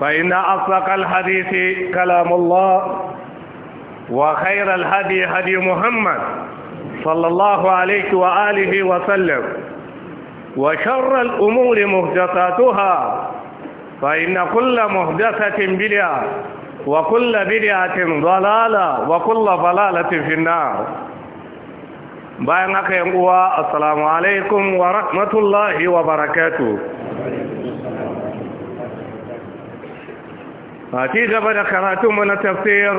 فإن أصدق الحديث كلام الله وخير الهدي هدي محمد صلى الله عليه وآله وسلم وشر الأمور مهدثاتها فإن كل مهدثة بدعة وكل بدعة ضلالة وكل ضلالة في النار بأنك يا السلام عليكم ورحمة الله وبركاته a ci gaba da karatunmu na tafsir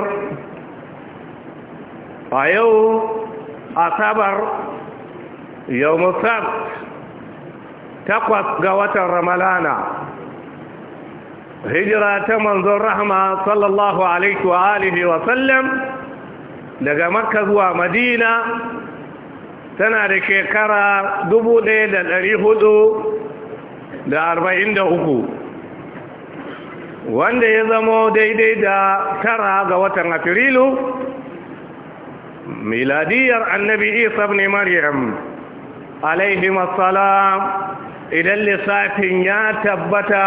a yau asabar yau musab takwas ga watan ramalana hijira ta manzon rahama sallallahu alaihi wa alihi wa sallam daga makka zuwa madina tana da shekara dubu ɗaya da da da arba'in da uku. wanda ya zamo daidai da tara ga watan afirilu miladiyar annabi isa ne maryam alaihim idan lissafin ya tabbata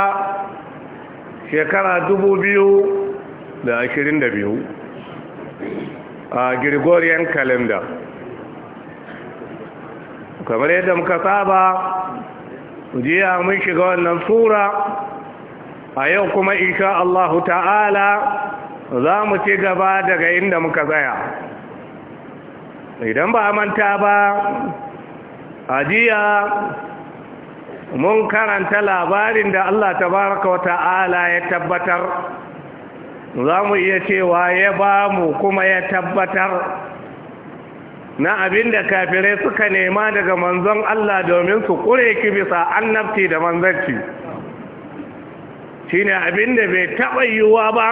shekara dubu biyu da ashirin da biyu a gregorian calendar kamar yadda muka saba jiya mun shiga wannan sura a yau kuma insha Allahu ta'ala za mu ci gaba daga inda muka tsaya idan ba manta ba ajiya mun karanta labarin da Allah tabaraka wa ta'ala ya tabbatar za mu iya cewa ya ba mu kuma ya tabbatar na abin da kafirai suka nema daga manzon Allah domin su kure ki bisa annabci da manzanci shine abin da bai taɓa yiwuwa ba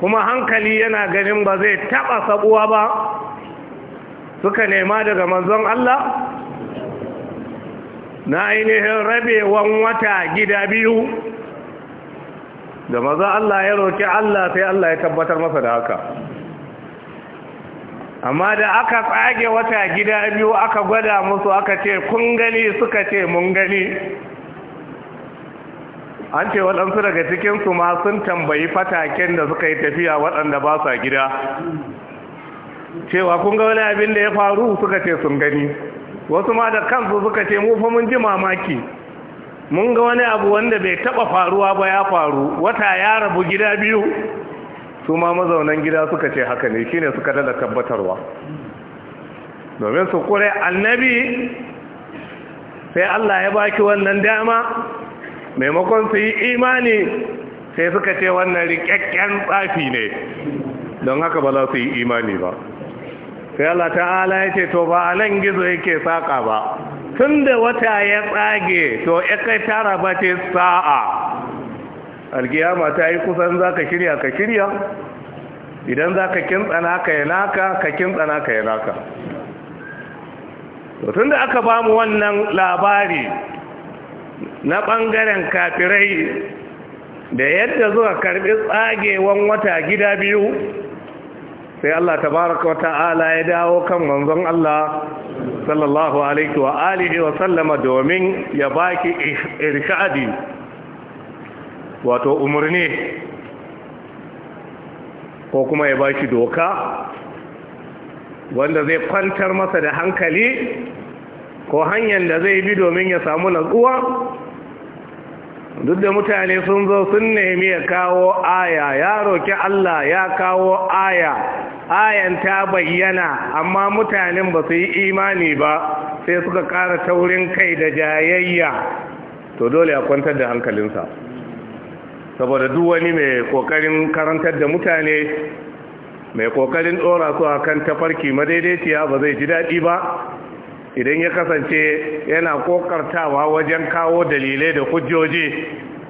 kuma hankali yana ganin ba zai taɓa sabuwa ba suka nema daga manzon Allah na ainihin rabewan wata gida biyu da maza Allah ya roƙi Allah sai Allah ya tabbatar masa da haka amma da aka tsage wata gida biyu aka gwada musu aka ce kun gani suka ce mun gani an ce waɗansu daga cikinsu ma sun tambayi fataken da suka yi tafiya waɗanda ba sa gida cewa kun ga wani abin da ya faru suka ce sun gani wasu ma da kansu suka ce mu fa mun ji mamaki mun ga wani abu wanda bai taɓa faruwa ba ya faru wata ya rabu gida biyu su ma mazaunan gida suka ce haka ne shine suka dada tabbatarwa domin su kure annabi sai Allah ya baki wannan dama maimakon su yi imani sai suka ce wannan rikakken tsafi ne don haka ba za su yi imani ba sai Allah ta'ala ya ce to ba a gizo yake saƙa ba tun da wata ya tsage to ya kai tara ba ce sa'a alkiyama ta yi kusan za ka shirya ka shirya idan za ka kintsana ka yi naka ka kintsana ka yi naka tun da aka bamu wannan labari na ɓangaren kafirai da yadda zuwa karɓi tsagewan wata gida biyu sai Allah tabaraka wa ta'ala ya dawo kan manzon Allah sallallahu alaihi wa alihi wa sallama domin ya baki irshadi wato umarni ko kuma ya baki doka wanda zai kwantar masa da hankali ko hanyar da zai bi domin ya samu natsuwa duk da mutane sun zo sun nemi ya kawo aya ya roki Allah ya kawo aya ayan ta bayyana amma mutanen ba su yi imani ba sai suka ƙara taurin kai da jayayya to dole ya kwantar da hankalinsa saboda duk wani mai kokarin karantar da mutane mai kokarin dora su akan tafarki madaidaiciya ba zai ji daɗi ba idan ya kasance yana kokartawa wajen kawo dalilai da hujjoji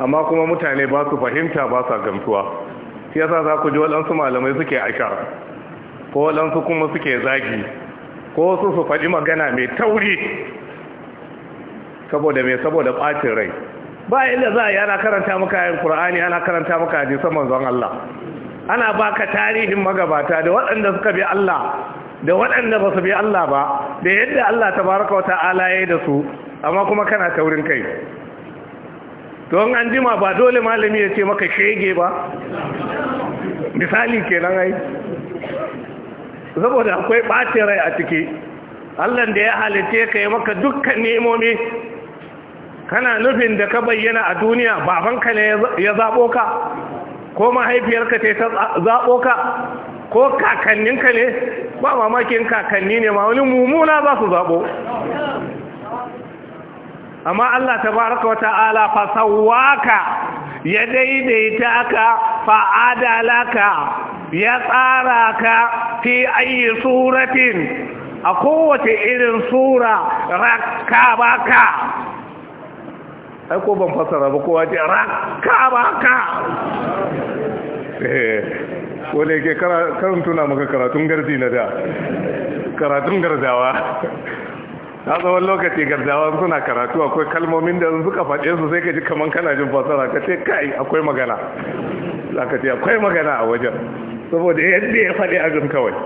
amma kuma mutane ba su fahimta ba su gamsuwa shi yasa za ku ji waɗansu malamai suke ashar ko waɗansu kuma suke zagi ko su su faɗi magana mai tauri saboda mai saboda ɓacin rai ba inda za a yi ana karanta maka yin ƙur'ani ana karanta maka hadisan manzon Allah ana baka tarihin magabata da waɗanda suka bi Allah da waɗanda ba su bi Allah ba da yadda Allah ta wa ta'ala ya yi da su amma kuma kana taurin kai don an jima ba dole malami ya ce maka shege ba misali kenan ai saboda akwai ɓacin rai a ciki allah da ya halice ka yi maka dukkan nemomi kana nufin da ka bayyana a duniya babanka ne ya zaɓo ka ko mahaifiyarka ta zaɓo ka ko kakanninka ne ba mamakin kakanni ne ma wani mummuna za su zaɓo amma Allah tabaraka wata ala fa sawwaka ya daidaita ka fa adalaka ya tsara ka fi ayi suratin a kowace irin sura raka baka ai ko ban fasara ba kowace raka baka eh. wadda yake karin tuna maka karatun garzi na da karatun garzawa na tsawon lokaci garzawa suna karatu akwai kalmomin da suka faɗe su sai ka ji kamar kana jin fasara ka ce kai akwai magana za ka ce akwai magana a wajen saboda yadda ya faɗi a jin kawai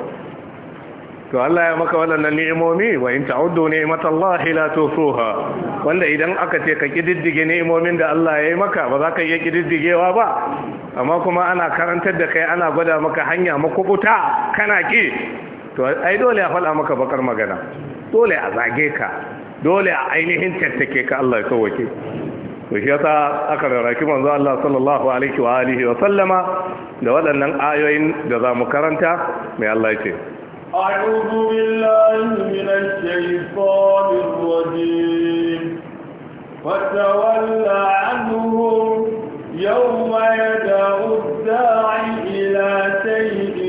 to Allah ya maka waɗannan ni'imomi wa in ta'uddu Allah la tusuha wanda idan aka ce ka kididdige ni'imomin da Allah ya yi maka ba za ka iya kididdigewa ba amma kuma ana karantar da kai ana gwada maka hanya makubuta kana ki to ai dole a faɗa maka bakar magana dole a zage ka dole a ainihin tattake ka Allah ya kawake to shi yasa aka rarraki manzo Allah sallallahu alaihi wa alihi wa sallama da waɗannan ayoyin da za mu karanta mai Allah ya ce أعوذ بالله من الشيطان الرجيم فتول عنهم يوم يدعو الداعي إلى شيء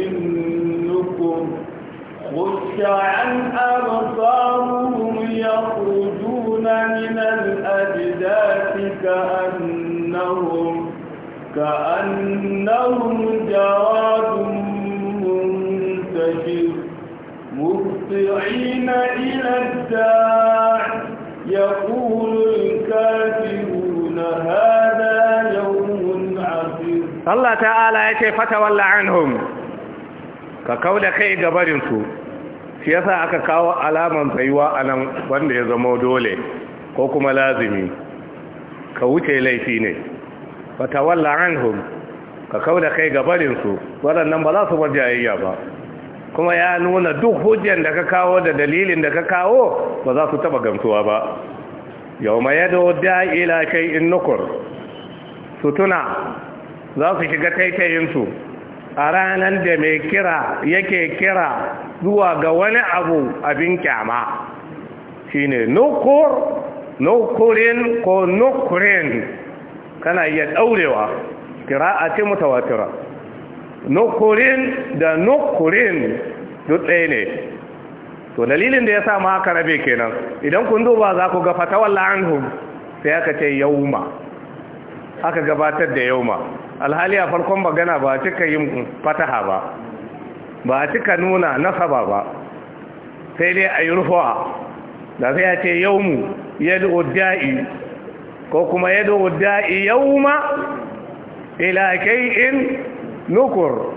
عن أبصارهم يخرجون من الأجداث كأنهم كأنهم جواد منتشر مهطعين إلى الداع يقول الكافرون هذا يوم عظيم الله تعالى يتي فتولى عنهم كقول كي جبرنسو shi yasa aka kawo alaman tsayuwa a nan wanda ya zama dole ko kuma lazimi ka wuce laifi ne fatawalla anhum ka kauda kai gabarinsu waɗannan ba za su bar jayayya ba kuma ya nuna duk hujjan da ka kawo da dalilin da ka kawo ba za su taba gamsuwa ba yau mai yado ila kai in nukur su tuna za su shiga taitayinsu a ranar da mai kira yake kira zuwa ga wani abu abin kyama shine nukur nukurin ko nukurin kana iya daurewa kira a ce mutawatira nukurin da nukurin duk ne to dalilin da ya sa ma rabe kenan idan kun duba za ku ga fatawar la'anhum sai aka ce yauma aka gabatar da yauma alhali a farkon magana ba cika yin fataha ba ba cika nuna nasaba ba sai dai a yi rufuwa da sai a ce yaumu yadda udda'i ko kuma yadda udda'i yauma ila kai in nukur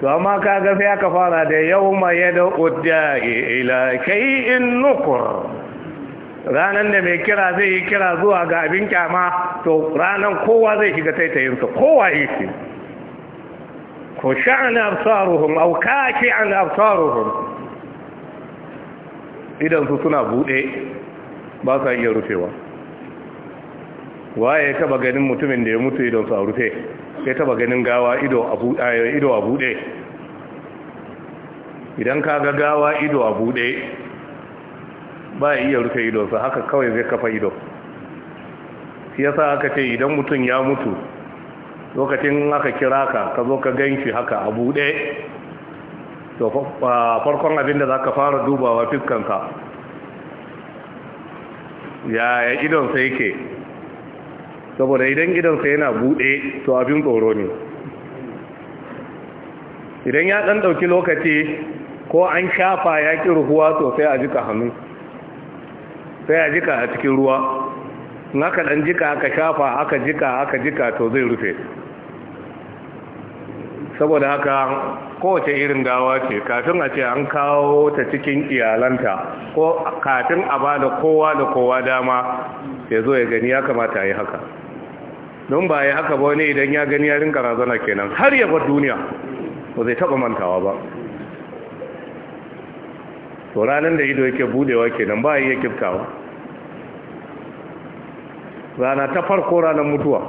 to amma ka ga sai aka fara da yawma yad'u da'i ila in nukur ranan da mai kira zai yi kira zuwa ga abin kyama to ranan kowa zai shiga taitayin sa kowa yake ko sha'an absaruhum aw kaki an absaruhum idan su suna bude ba sa iya rufewa waye ka ba ganin mutumin da ya mutu idan su a rufe ya taba ganin gawa ido a buɗe idan ka ga gawa ido a buɗe ba a iya rufe idonsa haka kawai zai kafa ido ya sa aka ce idan mutum ya mutu lokacin aka kira ka ka zo ka ganshi haka a buɗe to farkon abin da za ka fara dubawa fiskanka ya idonsa yake saboda idan gidansa yana bude, to abin tsoro ne idan ya ɗanɗauki dauki lokaci ko an shafa ya ruhuwa sosai a jika hannu sai a jika a cikin ruwa in aka dan jika aka shafa aka jika aka jika to zai rufe saboda haka kowace irin gawa ce kafin a ce an kawo ta cikin iyalanta ko kafin a bada kowa da kowa dama ya zo ya gani ya kamata ya yi haka don ba ya haka ba wani idan ya gani ya rinka razana kenan har ya duniya ba zai taba mantawa ba to ranar da ido yake budewa kenan ba ya kiftawa rana ta farko ranar mutuwa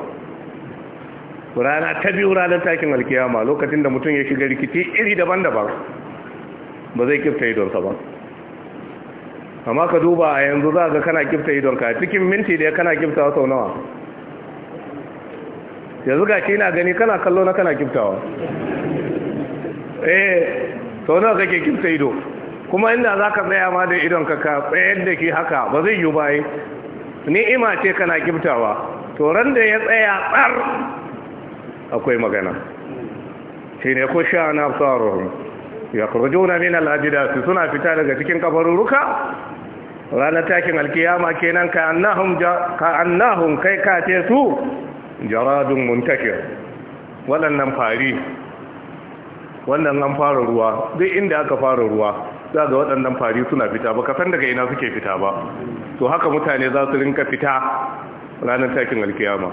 rana ta biyu ranar takin alkiyama lokacin da mutum ya shiga rikici iri daban-daban ba zai kifta idonsa ba amma ka duba a yanzu za ga kana kifta idonka cikin minti da ya kana kifta sau nawa yanzu ga shi na gani kana kallo na kana kiftawa eh to nawa kake kifta ido kuma inda za ka tsaya ma da idon ka tsayar da ke haka ba zai yi ni ni'ima ce kana kiftawa to ran da ya tsaya tsar akwai magana shi ne ko sha na tsarohun ya na min al'ajida su suna fita daga cikin kafaruruka ranar takin alkiyama kenan ka annahum kai kace su jaradun muntakir waɗannan fari wannan an fara ruwa duk inda aka fara ruwa za ga waɗannan fari suna fita ba kasan daga ina suke fita ba to haka mutane za su rinka fita ranar takin alkiyama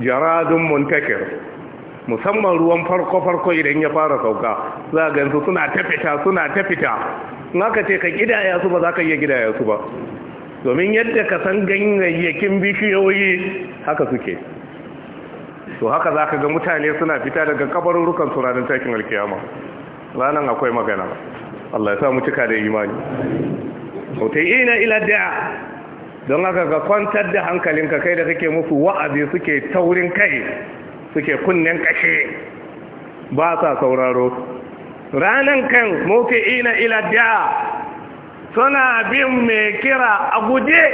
jaradun muntakir musamman ruwan farko-farko idan ya fara sauka za gansu suna ta fita suna ta fita in aka ce ka gidaya su ba za ka iya gidaya su ba domin yadda ka san ganyayyakin bishiyoyi haka suke to haka za ka ga mutane suna fita daga kabarurrukan ranar takin alkiyama ranar akwai magana Allah ya sa cika da imani mutai'ina ila da'a don haka ka kwantar da hankalinka kai da kake musu wa'azi suke taurin kai suke kunnen kashe ba sa sauraro ranan kan ina ila da'a suna bin mai kira a guje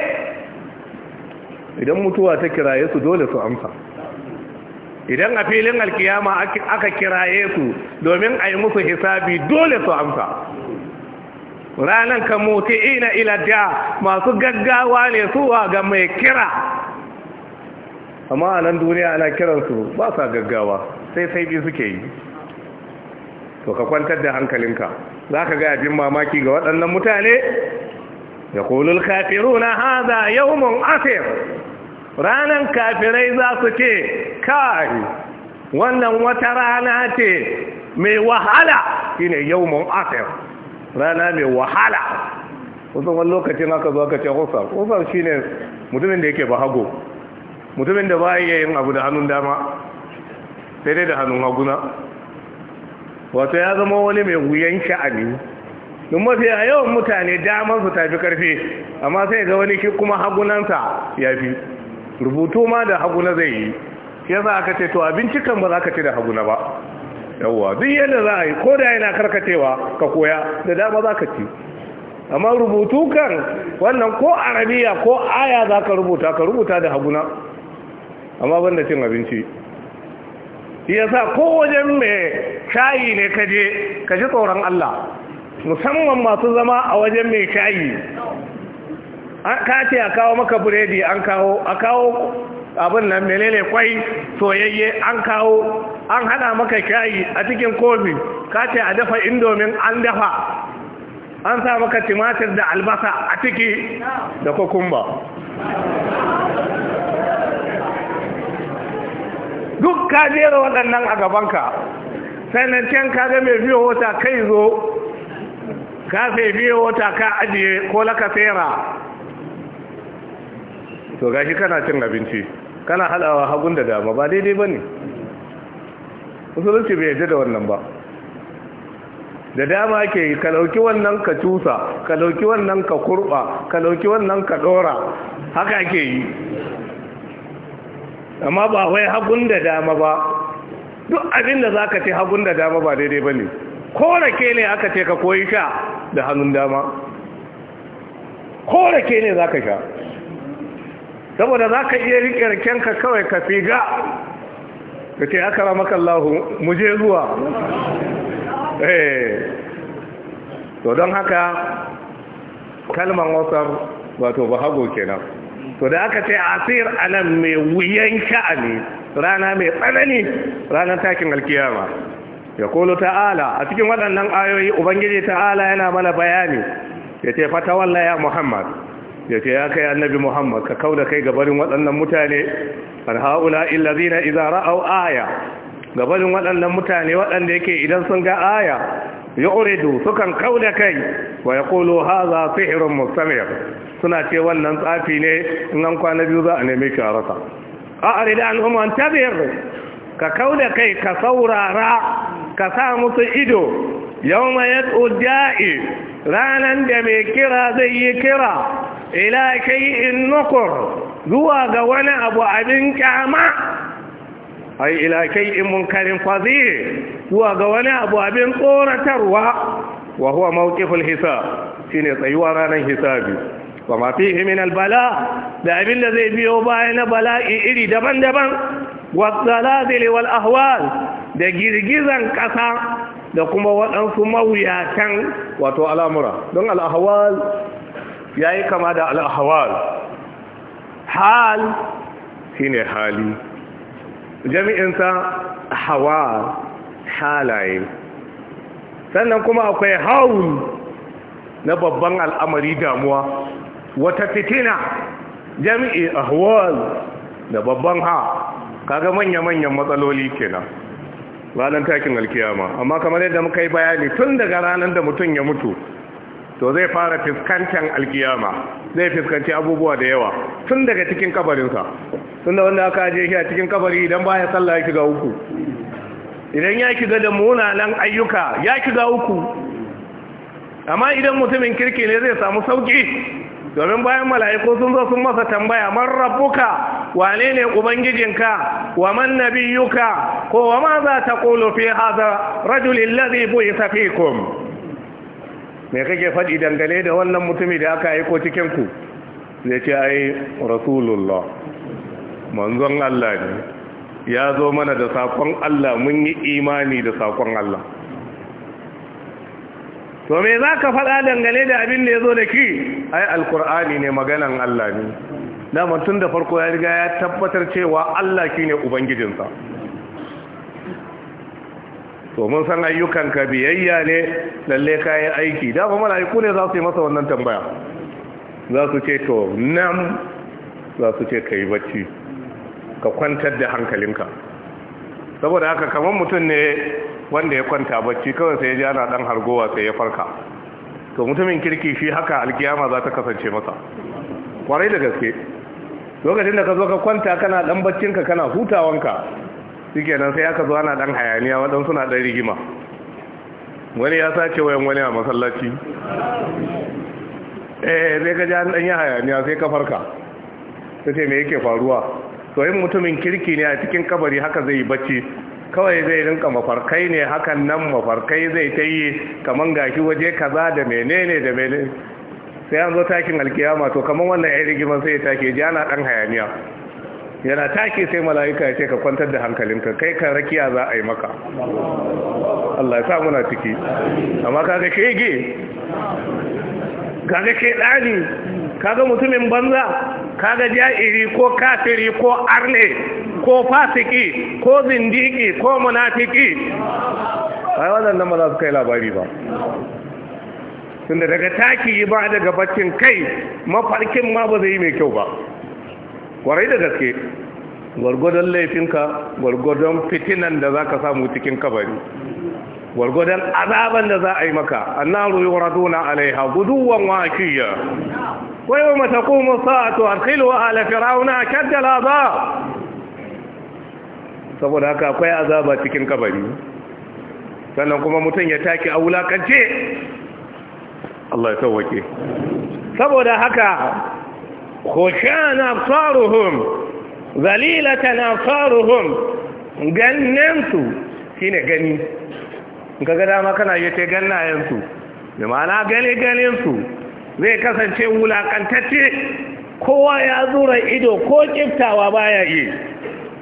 idan mutuwa ta kiraye su dole su amsa idan a filin alkiyama aka kiraye su domin a yi musu hisabi dole su amsa ranar ka mutu ina ilada masu gaggawa ne suwa ga mai kira amma a nan duniya ana kiransu ba sa gaggawa sai sai bi suke yi to ka kwantar da hankalinka za ka ga abin mamaki ga waɗannan mutane da kulul kafiru na haza Yau mun afir ranan kafirai za su ce kai wannan wata rana ce mai wahala shine mun afir rana mai wahala kusan wani lokacin aka zo aka ce husar shi shine mutumin da yake bahago mutumin da ba iya yin abu da hannun dama sai dai da hannun haguna wato ya zama wani mai wuyan sha'ani don mafi a yawan mutane damar su tafi karfe amma sai ga wani shi kuma hagunansa ya fi rubutu ma da haguna zai yi ya za aka ce to abincikan ba za ka ce da haguna ba yawwa duk yadda za a yi ko da yana karkacewa ka koya da dama za ka ci amma rubutu kan wannan ko arabiya ko aya za ka rubuta ka rubuta da haguna amma banda cin abinci yasa ko wajen mai shayi ne kaje kaji tsoron Allah musamman masu zama a wajen mai shayi ka a kawo maka buredi an kawo a kawo abin nan menene kwai soyayye an kawo an hada maka shayi a cikin kofi ka a dafa indomin an dafa an sa maka timatir da albasa a ciki da kokumba duk ka jera waɗannan a gabanka sai nan can ka ga mai biyo wata kai zo ka fi biyo wata ka ajiye ko laka tsera to gashi kana cin abinci kana halawa hagun da dama ba daidai ba ne musulunci bai yadda da wannan ba da dama ke ka ɗauki wannan ka cusa ka ɗauki wannan ka kurɓa ka ɗauki wannan ka ɗora haka ke yi amma ba wai hagun da dama ba duk abin da za ka ce hagun da dama ba daidai ba ne ko rake ne aka ce ka koyi sha da hannun dama ko rake ne za ka sha saboda za ka iya riƙe rakenka kawai ka figa ka ce aka ramaka Allahu mu je zuwa eh. to don haka kalman wasar wato ba hago kenan to da aka ce asir anan mai wuyan sha'ani rana mai tsanani ranar takin alkiyama ya kolo ta'ala a cikin waɗannan ayoyi ubangiji ta'ala yana mana bayani ya ce fata walla ya muhammad ya ce ya kai annabi muhammad ka kauda kai gabarin waɗannan mutane an ha'ula illazina idan ra'au aya gabarin waɗannan mutane waɗanda yake idan sun ga aya yu'ridu sukan kauda kai wa yaqulu hadha sihrun mustamir suna ce wannan tsafi ne in an kwana biyu za a neme ki a rasa a'rid anhum antabir ka kauda kai ka saurara ka sa musu ido yawma yad'u da'i ranan da mai kira zai yi kira ila shay'in nukur zuwa ga wani abu abin kyama ai ila shay'in munkarin fadhi zuwa ga wani abu abin tsoratarwa wa huwa mawqiful hisab shine tsayuwa ranar hisabi wa ma fihi min da abin da zai biyo baya na bala'i iri daban-daban wa zalazil wal ahwal da girgizan kasa da kuma waɗansu mawuyatan wato al'amura don al'ahawal ya yi kama da al'ahawal hal shi ne hali jami'insa hawal halaye sannan kuma akwai haun na babban al'amari damuwa wata fitina jami'i ahwal da babban ha kaga manya-manyan matsaloli kenan ranar takin alkiyama amma kamar yadda muka yi bayani tun daga ranar da mutum ya mutu to zai fara fiskantar alkiyama zai fiskanci abubuwa da yawa tun daga cikin kabarinsa tun da wanda aka je shi a cikin kabari idan baya sallah ya shiga uku idan ya shiga da munanan ayyuka ya shiga uku amma idan mutumin kirki ne zai samu sauki domin bayan mala'iku sun zo sun masa tambaya man rabbuka wane ne ubangijinka wa man nabiyyuka ko wa ma za ta qulu fi hadha rajul alladhi bu'itha fikum me kake faɗi dangane da wannan mutumi da aka aiko cikin ku zai ce ai rasulullah manzon Allah ne ya zo mana da sakon Allah mun yi imani da sakon Allah to me za ka faɗa dangane da abin da ya zo da ki ai alkur'ani ne maganan Allah ne daman tun da farko ya riga ya tabbatar cewa Allah ki ne ubangijinsa to mun san ayyukanka biyayya ne lalle ka yi aiki dama mala'iku ne za su yi masa wannan tambaya za su ce to nam za su ce ka bacci ka kwantar da hankalinka saboda haka kamar mutum ne wanda ya kwanta bacci kawai sai ya ji ana dan hargowa sai ya farka to mutumin kirki shi haka alkiyama za ta kasance masa kwarai da gaske lokacin da ka zo ka kwanta kana dan baccinka kana hutawanka nan sai aka zo ana dan hayaniya waɗansu na dan rigima wani ya sace wayan wani a masallaci eh sai ka ji an dan yi hayaniya sai ka farka sai me yake faruwa to yin mutumin kirki ne a cikin kabari haka zai yi bacci kawai zai rinka mafarkai ne hakan nan mafarkai zai ta yi kamar gashi waje kaza da menene da menene sai an zo takin alkiyama to kamar wannan yi rigimar sai ya take ji ana dan hayaniya yana take sai mala'ika ya ce ka kwantar da hankalinka kai ka rakiya za a yi maka Allah ya sa muna ciki amma kaga shege kaga shedani kaga mutumin banza kaga ja'iri ko kafiri ko arne ko fasiki ko zindiki ko munafiki ai wannan ba za su kai labari ba tunda daga taki ba daga baccin kai mafarkin ma ba zai yi mai kyau ba kwarai da gaske gwargwadon laifinka gwargwadon fitinan da za ka samu cikin kabari gwargwadon azaban da za a yi maka annaru Radona, alaiha guduwan wakiya ويوم تقوم الساعة أدخلوا أهل فرعون أشد العذاب saboda haka akwai azaba cikin kabari sannan kuma mutum ya take a wulakance Allah ya sauwake saboda haka khushan absaruhum zalilatan absaruhum gannansu shine gani in kaga dama kana yace gannayensu bi ma'ana gane ganinsu zai kasance wulakantacce kowa ya zura ido ko kiftawa baya yi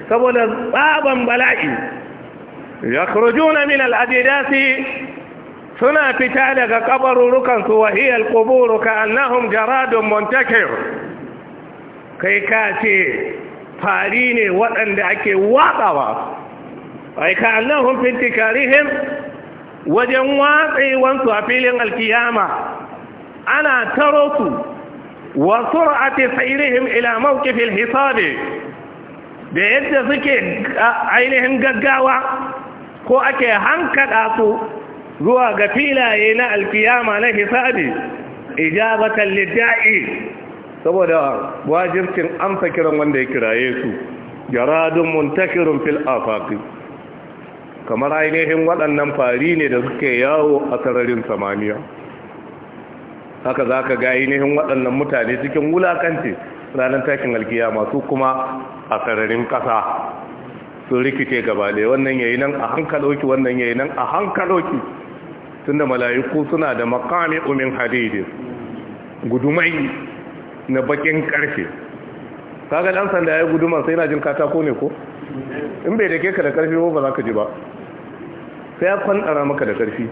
saboda tsaban bala'i ya kurjuna min al'adidasi suna fita daga kabarurukansu wa kuburu ka jaradun montakir kai ka ce fari ne waɗanda ake watsawa ai ka annahum fintikarihim wajen watsewansu a filin alkiyama ana taro su wa sur'ati sayrihim ila mawqif al-hisab da yadda suke ainihin gaggawa ko ake hankada su zuwa ga filaye na alkiyama na hisabi ijabatan lidda'i saboda wajibcin amsa kiran wanda ya kiraye su jaradun muntakirun fil afaqi kamar ainihin waɗannan fari ne da suke yawo a sararin samaniya haka za ka ga ainihin waɗannan mutane cikin wulakanci ranar takin alkiya masu kuma a sararin ƙasa sun rikice gabale wannan yayi nan a hankaloki wannan yayi nan a hankaloki tunda mala'iku suna da makami umin hadidi gudumai na bakin karfe kaga dan sanda yayi guduman sai na jin katako ne ko in bai da ke ka da ƙarfi ba za ka ji ba sai ya kwantara maka da karfi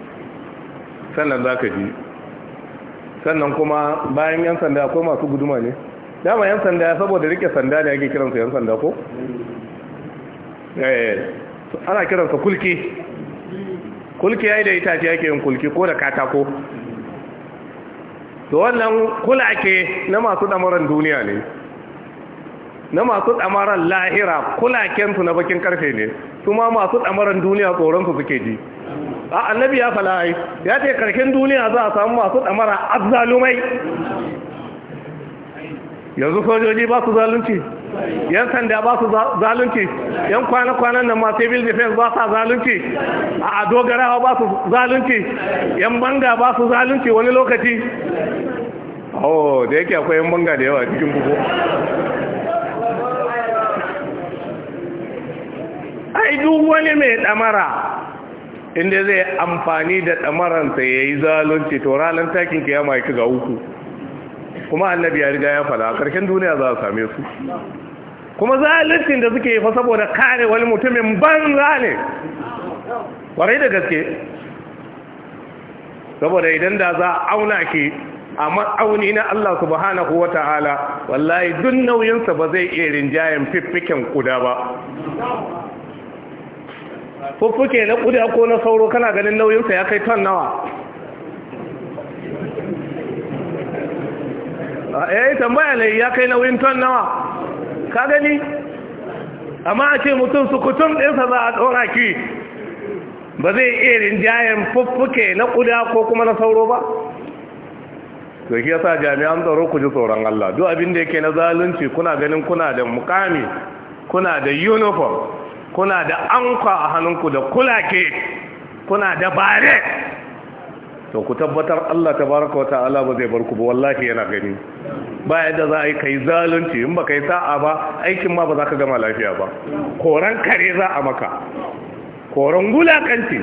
sannan za ka ji sannan kuma bayan yan sanda akwai masu guduma ne dama yan sanda saboda rike sanda ne ake kiransu yan sanda ko eh, ana kiransa kulki kulki ya yi da itace ake yin kulki ko da katako to wannan kulake na masu damaran duniya ne na masu damaran lahira kulakensu na bakin karfe ne su ma masu damaran duniya tsoronsu suke ji a annabi ya fala ai ya ce karkin duniya za a samu masu damara azzalumai yanzu sojoji ba su zalunci yan sanda ba su zalunci yan kwana-kwanan nan masu civil defense ba sa zalunci a dogarawa ba su zalunci yan banga ba su zalunci wani lokaci oh da yake akwai yan banga da yawa cikin buku ai duk wani mai damara inda zai amfani da ɗamaransa ya yi zalunci to ranar takin kiyama ya ga uku kuma annabi ya riga ya fada a ƙarshen duniya za a same su kuma zaluncin da suke yi fa saboda kare wani mutumin banza ne warai da gaske saboda idan da za a auna ke a ma'auni na Allah subhanahu wa ta'ala wallahi duk nauyinsa ba zai iya rinjayen fiffiken kuda ba fuffuke na kudi ko na sauro kana ganin nauyinsa ya kai ton nawa eh tambaya ne ya kai nauyin ton nawa ka gani amma a ce mutum kutum ɗinsa za a ɗora ki ba zai iya rinjayen fuffuke na kuda ko kuma na sauro ba to shi yasa jami'an tsaro ku ji tsoron Allah duk abin da yake na zalunci kuna ganin kuna da mukami kuna da uniform kuna da ankwa a hannunku da kulake kuna da bare to ku tabbatar Allah tabaraka wa ta'ala ba zai bar ku ba wallahi yana gani ba yadda za a yi kai zalunci in ba kai sa'a ba aikin ma ba za ka gama lafiya ba koran kare za a maka koran gulakanci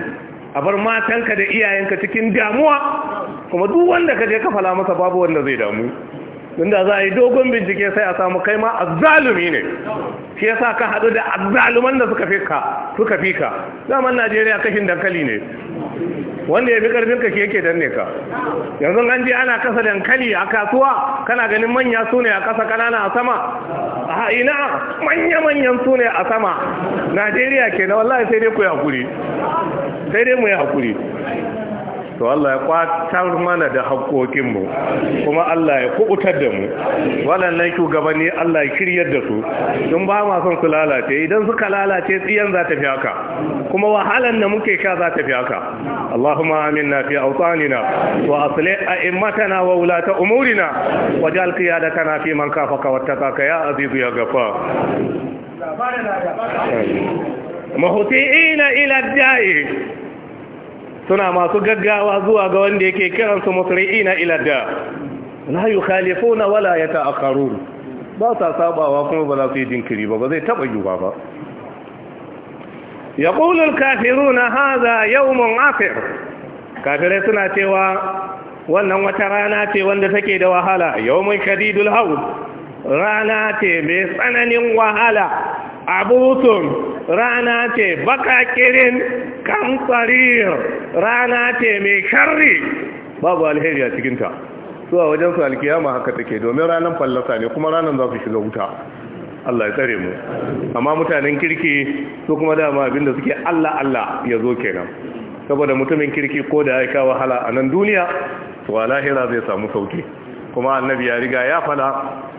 a bar matanka da iyayenka cikin damuwa kuma duk wanda ka je ka fala masa babu wanda zai damu inda za a yi dogon bincike sai a samu kai ma azzalumi ne shi yasa ka haɗu da azzaluman da suka fi ka suka fi zaman najeriya kashin dankali ne wanda ya fi ƙarfin ka shi yake danne ka yanzu an ji ana kasa dankali a kasuwa kana ganin manya su ne a kasa kanana a sama a haina manya manyan su ne a sama najeriya ke na wallahi sai dai ku yi hakuri sai dai mu yi hakuri to Allah ya kwatar mana da haƙoƙinmu kuma Allah ya kubutar da mu waɗannan shugabanni Allah ya kiryar da su in ba ma son su lalace idan suka lalace tsiyan za ta fi haka kuma wahalan da muke sha za ta fi haka Allahumma aminna fi awtanina wa aslih a'immatana wa ulata umurina waj'al qiyadatana fi man kafaka wattaqaka ya azizu ya ghafar mahuti'ina ila da'i suna masu gaggawa zuwa ga wanda yake kiransu musri'ina ila da la yukhalifuna wala yata'akharun ba sa sabawa kuma ba za su yi jinkiri ba ba zai taba yuwa ba yaqulu al-kafiruna hadha yawmun afir kafirai suna cewa wannan wata rana ce wanda take da wahala yawmun kadidul haud rana ce mai tsananin wahala abutun rana ce bakakirin kamfarir rana ce mai sharri babu alheri a cikinta su a wajen su alkiyama haka take domin ranar fallasa ne kuma ranar za su shiga wuta Allah ya tsare mu amma mutanen kirki su kuma dama abinda suke Allah Allah ya zo kenan saboda mutumin kirki ko da ya kawo wahala a nan duniya to alahira lahira zai samu sauki kuma annabi ya riga ya fada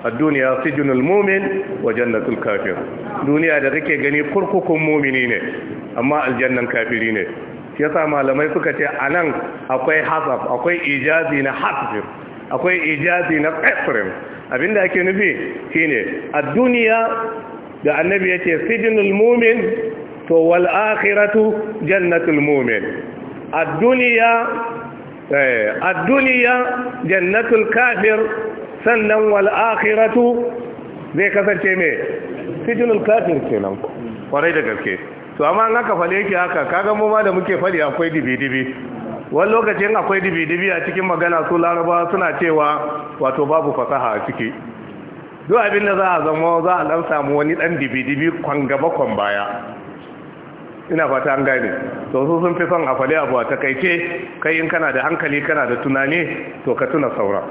a duniya sijnul mumin wa jannatul kafir duniya da kake gani kurkukun mumini ne amma aljannan kafiri ne yasa malamai suka ce anan akwai hasaf akwai ijazi na hasfir akwai ijazi na qasrin abinda ake nufi shine a duniya da annabi yace sijnul mumin to wal akhiratu jannatul mumin a duniya Eh, a duniya jannatul kafir sannan wal akhiratu zai kasance mai sijinul kafir kenan kwarai da gaske to amma an haka fale yake haka kaga mu ma da muke faɗi akwai dibi-dibi wani lokacin akwai dibi-dibi a cikin magana su laraba suna cewa wato babu fasaha a ciki duk abin da za a zama za a dan samu wani dan dibi-dibi kwan gaba kwan baya ina fata an gane to su sun fi son a fali abu a takaice kai in kana da hankali kana da tunani to ka tuna saura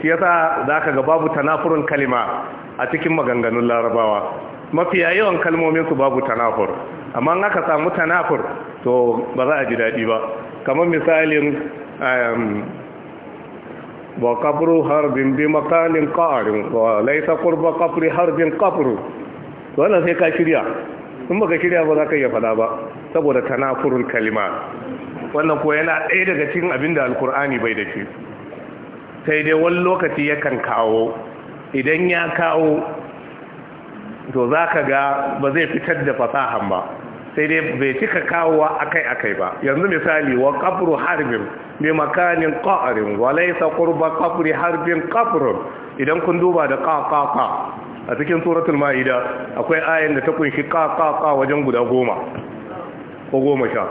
shi yasa za ka ga babu tanafurin kalima a cikin maganganun larabawa mafiya yawan kalmomin su babu tanafur amma in aka samu tanafur to ba za a ji daɗi ba kamar misalin um, wa kabru harbin bi makalin ƙarin wa laisa kurba kafri harbin kafru wannan sai ka shirya Sun baka shirya ba za ka iya fada ba saboda kana furul kalima wannan ko yana ɗaya daga cikin abin da alkur'ani bai da shi sai dai wani lokaci yakan kawo idan ya kawo to za ka ga ba zai fitar da fasahan ba sai dai bai cika kawowa akai-akai ba yanzu misali wa kafuru harbin bi makanin ƙa'arin wa laisa qurba harbin kafrun idan kun duba da ƙaƙaƙa a cikin suratul ma'ida akwai ayan da ta kunshi ƙaƙaƙa wajen guda goma ko goma sha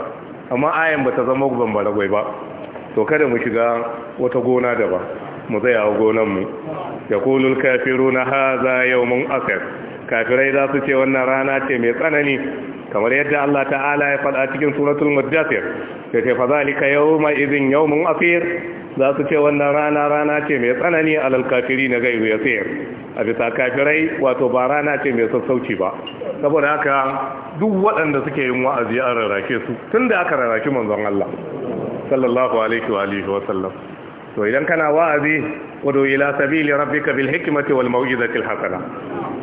amma ayan ba ta zama bambara gwai ba to kada mu shiga wata gona da ba mu zai mu gonanmu ya kunul kafiru na haza yau mun asir kafirai za su ce wannan rana ce mai tsanani kamar yadda Allah ta'ala ya faɗa cikin suratul mudathir da ce fa zalika yawma idhin yawmun asir za su ce wannan rana rana ce mai tsanani alal kafiri na gairu ya sayar a bisa kafirai wato ba rana ce mai sassauci ba saboda haka duk waɗanda suke yin wa'azi an rarrake su tunda aka rarraki manzon Allah sallallahu alaihi wa alihi wa sallam to idan kana wa'azi wado ila sabili rabbika bil hikmati wal mau'izati al hasana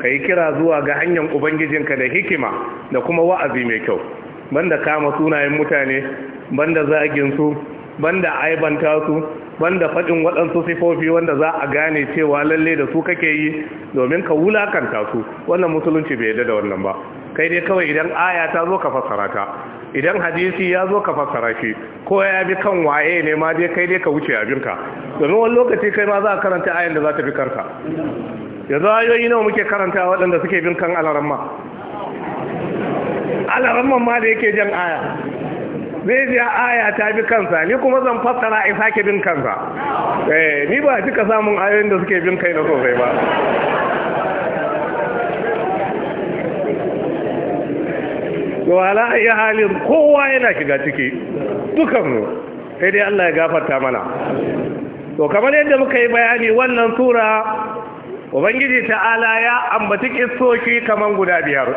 kai kira zuwa ga hanyar ubangijinka da hikima da kuma wa'azi mai kyau banda kama sunayen mutane banda zagin su banda aibanta su banda faɗin waɗansu sifofi wanda za a gane cewa lalle da su kake yi domin ka wulakanta su wannan musulunci bai yadda da wannan ba kai dai kawai idan aya ta zo ka fassara ta idan hadisi ya zo ka fassara shi ko ya bi kan waye ne ma dai kai dai ka wuce abinka domin wani lokaci kai ma za a karanta ayan da za ta bi karka yanzu ayoyi nawa muke karanta waɗanda suke bin kan alaramma alaramman ma da yake jan aya zai ji aya ta bi kansa ni kuma zan fassara in sake bin kansa eh ni ba duka samun ayoyin da suke bin kai na sosai ba wala a iya halin kowa yana shiga ciki dukanmu sai dai Allah ya gafarta mana to kamar yadda muka yi bayani wannan tura ubangiji ta'ala ya ambaci kistoshi kamar guda biyar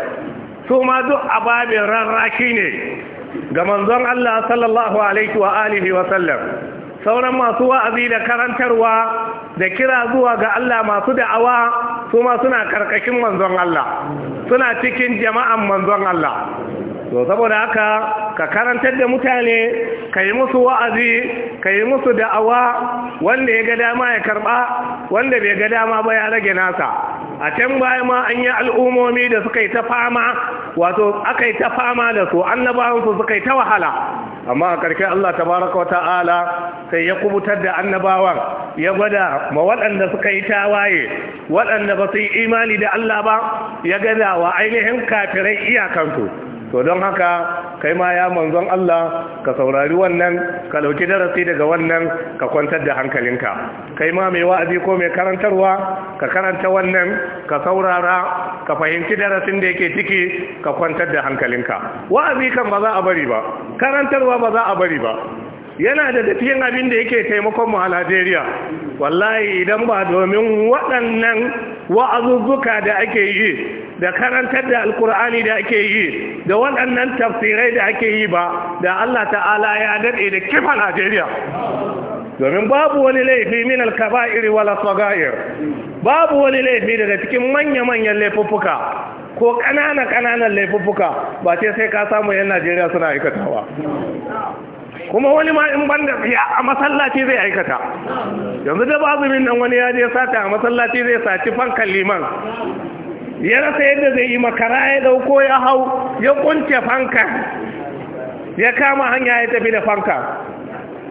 su ma duk ababin rarraki ne ga manzon Allah sallallahu alaihi wa alihi wa sallam sauran masu wa'azi da karantarwa da kira zuwa ga Allah masu da'awa su ma suna karkashin manzon Allah suna cikin jama'an manzon Allah to saboda haka ka karantar da mutane ka yi musu wa'azi ka yi musu da'awa wanda ya ga dama ya karba wanda bai ga dama ba ya rage nasa a can baya ma an yi al'umomi da suka yi ta fama wato aka yi ta fama da su annabawansu suka yi ta wahala amma a ƙarshe Allah tabaraka wa ta'ala sai ya kubutar da annabawan ya gwada ma waɗanda suka yi tawaye waɗanda ba su yi imani da Allah ba ya gada wa ainihin kafirai iyakansu to don haka kai ma ya manzon Allah ka saurari wannan ka dauki darasi daga wannan ka kwantar da hankalinka kai ma mai wa'azi ko mai karantarwa ka karanta wannan ka saurara ka fahimci darasin da yake ciki ka kwantar da hankalinka wa'azi kan ba za a bari ba karantarwa ba za a bari ba yana da dafiyan abin da yake taimakon mu a Najeriya wallahi idan ba domin waɗannan wa'azuzzuka da ake yi da karantar da alkur'ani da ake yi da waɗannan tafsirai da ake yi ba da Allah ta'ala ya daɗe da kifa Najeriya domin babu wani laifi min alkaba'iri wala sagair babu wani laifi daga cikin manya-manyan laifuffuka ko ƙanana-ƙananan laifuffuka ba ce sai ka samu yan Najeriya suna aikatawa kuma wani ma in banda ya a masallaci zai aikata yanzu da min nan wani ya je sata a masallaci zai saci fankan liman ya rasa yadda zai yi makara ya dauko ya hau ya kunce fanka ya kama hanya ya tafi da fanka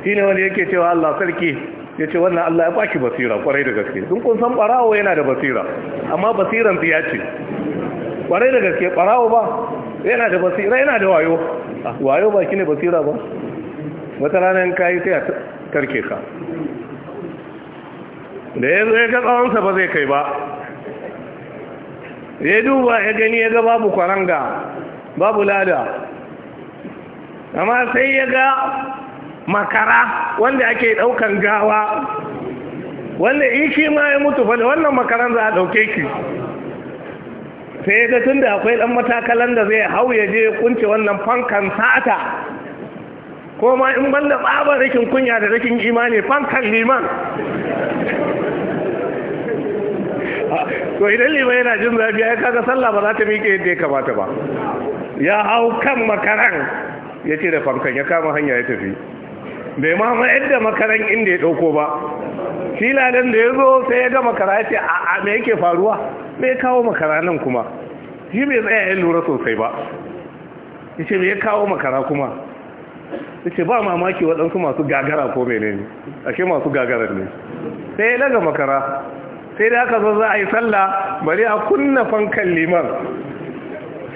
shi ne wanda yake cewa Allah sarki ya ce wannan Allah ya baki basira kwarai da gaske sun kun san barawo yana da basira amma basiran ya ce kwarai da gaske barawo ba yana da basira yana da wayo wayo ba ne basira ba wata ranar kayi sai a tarke ka da ya zo ya ga tsawonsa ba zai kai ba ya duba ya gani ya ga babu kwaranga babu lada amma sai ya ga makara wanda ake daukan gawa wanda in shi ma ya mutu fa wannan makaran za a dauke ki sai ya ga tun da akwai dan matakalan da zai hau ya je kunce wannan fankan sata ko ma in banda babar rikin kunya da rikin imani fankan liman to idan liman yana jin zafi ya kaga sallah ba za ta miƙe yadda ya kamata ba ya hau kan makaran ya ce da fankan ya kama hanya ya tafi bai ma ma yadda makaran inda ya ɗauko ba nan da ya zo sai ya ga makara ya ce a me yake faruwa me ya kawo makara nan kuma shi bai tsaya ya lura sosai ba ya ce me ya kawo makara kuma ya ce ba mamaki waɗansu masu gagara ko menene ashe masu gagara ne sai ya daga makara sai da aka zo za a yi sallah bari a kunna fankan liman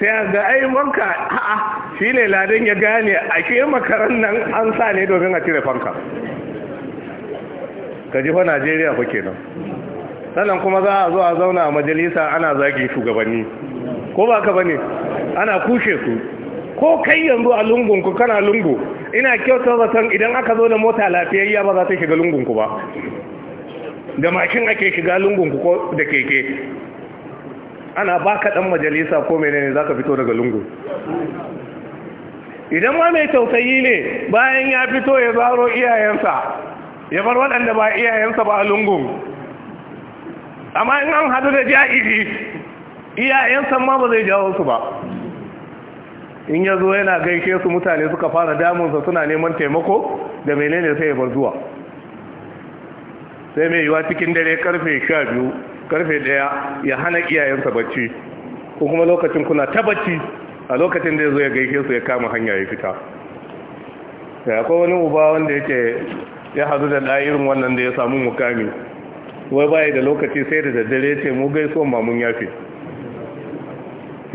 sai a ga ai wanka a'a shine ladin ya gane a ke makaran nan an sa ne domin a cire fanka ka ji fa Najeriya fa nan sannan kuma za a zo a zauna a majalisa ana zagi shugabanni ko ba ka bane ana kushe su ko kai yanzu a lungunku kana lungu ina kyauta zaton idan aka zo da mota lafiyayya ba za ta shiga lungunku ba da makin ake shiga lungunku ko da keke ana baka dan majalisa ko menene zaka fito daga lungu idan ma mai tausayi ne bayan ya fito ya zaro iyayensa ya bar waɗanda ba iyayensa ba a lungun amma in an hadu da ja'iri iyayensa ma ba zai jawo su ba in ya zo yana gaishe su mutane suka fara damunsa suna neman taimako da menene sai ya bar zuwa sai mai yiwa cikin dare karfe sha biyu karfe daya ya hana iyayensa bacci ko kuma lokacin kuna ta bacci a lokacin da ya zo ya gaishe su ya kama hanya ya fita ya kowa wani uba wanda yake ya hadu da ɗa'irin wannan da ya samu mukami wai baya da lokaci sai da daddare ce mu gaiso mamun mun ya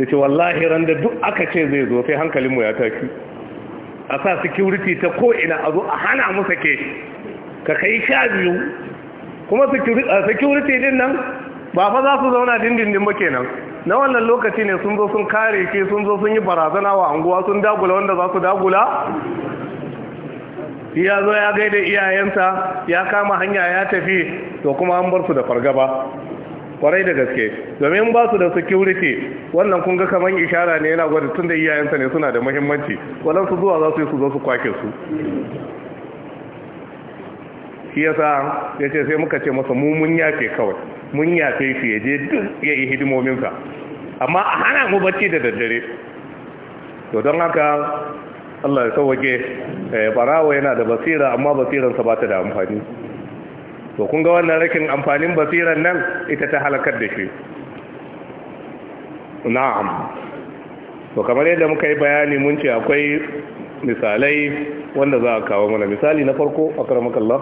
ce wallahi ran da duk aka ce zai zo sai hankalinmu ya tashi a sa security ta ko'ina a zo a hana musa ke ka kai sha biyu kuma uh, security din nan ba fa za su zauna dindindin ba kenan na wannan lokaci ne sun zo sun kare ke sun zo sun yi barazana wa anguwa sun dagula wanda za su dagula ya zo ya gaida iyayensa ya kama hanya ya tafi to kuma an bar su da fargaba kwarai da gaske domin ba su da security wannan kun ga kamar ishara ne yana gwada tun da iyayensa ne suna da muhimmanci waɗansu zuwa za su yi su zo su kwake su shi yasa ya ce sai muka ce masa mu mun yafe kawai mun yafe shi ya je duk ya yi hidimominsa amma a hana mu bacci da daddare to don haka Allah ya sauwake eh, barawa yana da basira amma basiransa ba ta da amfani to kun ga wannan rakin amfanin basiran nan ita ta halakar da shi na'am to kamar yadda muka yi bayani mun ce akwai misalai wanda za a kawo mana misali na farko a karamakallah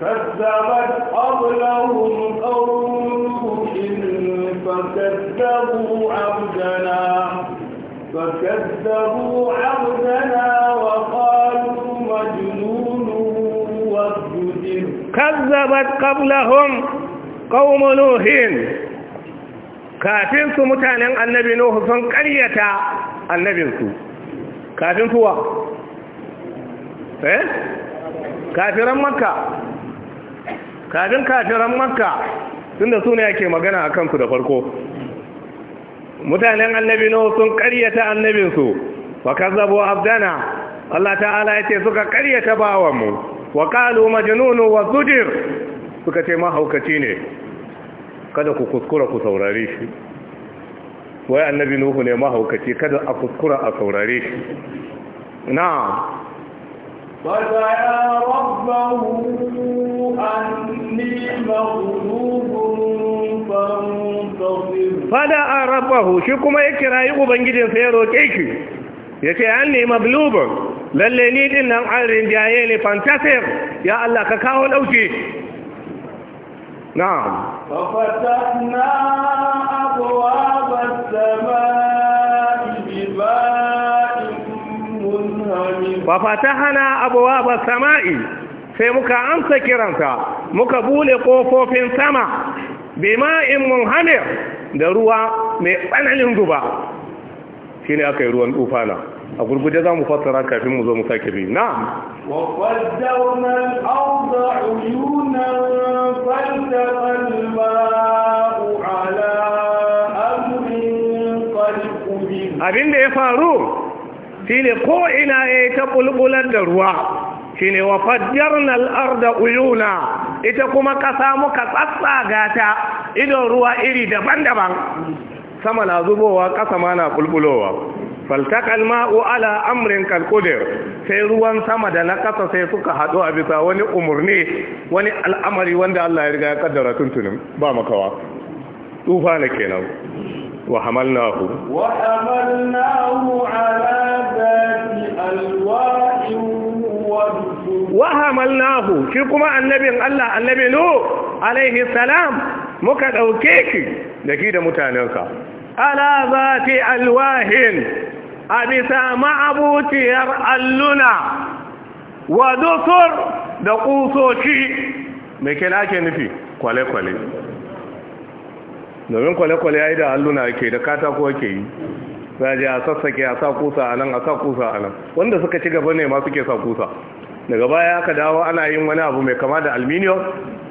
Kazabat Aflahon ƙaunuhun, ba zazzaɓi abjana ba zazzaɓi kafin su mutanen Annabi nuhu sun karyata Annabinsu. Kafin kuwa? kafiran makka? kafin kafiran makka tunda su ne ake magana a kansu da farko mutanen annabi no sun karyata annabinsu wa zabo abdana Allah ta'ala ya ce suka karyata bawanmu wa qalu majinunu wa zudir suka ce mahaukaci ne kada ku kuskura ku saurare shi wai annabi nuhu ne mahaukaci kada a kuskura a saurare shi na'am fada a rabahu shi kuma ya kira yi ubangijin sai roƙe shi ya ce an nema blubber lalle ni din nan an yi ne fantasir ya Allah ka kawo ɗauke na ƙafatar na abuwa wa fatahana abwaaba sama'i sai muka amsa kiransa muka bule kofofin sama bima'in munhamir da ruwa mai tsananin duba. shine aka yi ruwan tufana a gurguje za mu fassara kafin mu zo mu sake bi na. wa qaddawna al-ardha uyunan faltaqa al-ma'u ala amrin qad Abin da ya faru shine ko ina yayi ta bulbular da ruwa shine wa fajjarna al-arda uyuna ita kuma kasa muka tsatsaga ta idon ruwa iri daban-daban sama na zubowa ƙasa ma na bulbulowa faltakal ma'u ala amrin kalkudir sai ruwan sama da na kasa sai suka haɗu a bisa wani umarni wani al'amari wanda Allah ya riga ya kaddara tuntunin ba makawa tufa na kenan وحملناه وحملناه على ذات ألواح وحملناه kuma النبي Allah النبي نو عليه salam muka ɗauke ki da ki da mutanen ka. ala za ta alwahin a bisa ma'abuciyar alluna wa dusur da ƙusoci Me kina ake nufi kwale-kwale domin kwale-kwale ya yi da halluna ke da katako ke yi za a sassake a sa kusa a nan a sa kusa a nan wanda suka ci gaba ne masu suke sa kusa daga baya aka dawo ana yin wani abu mai kama da alminiyo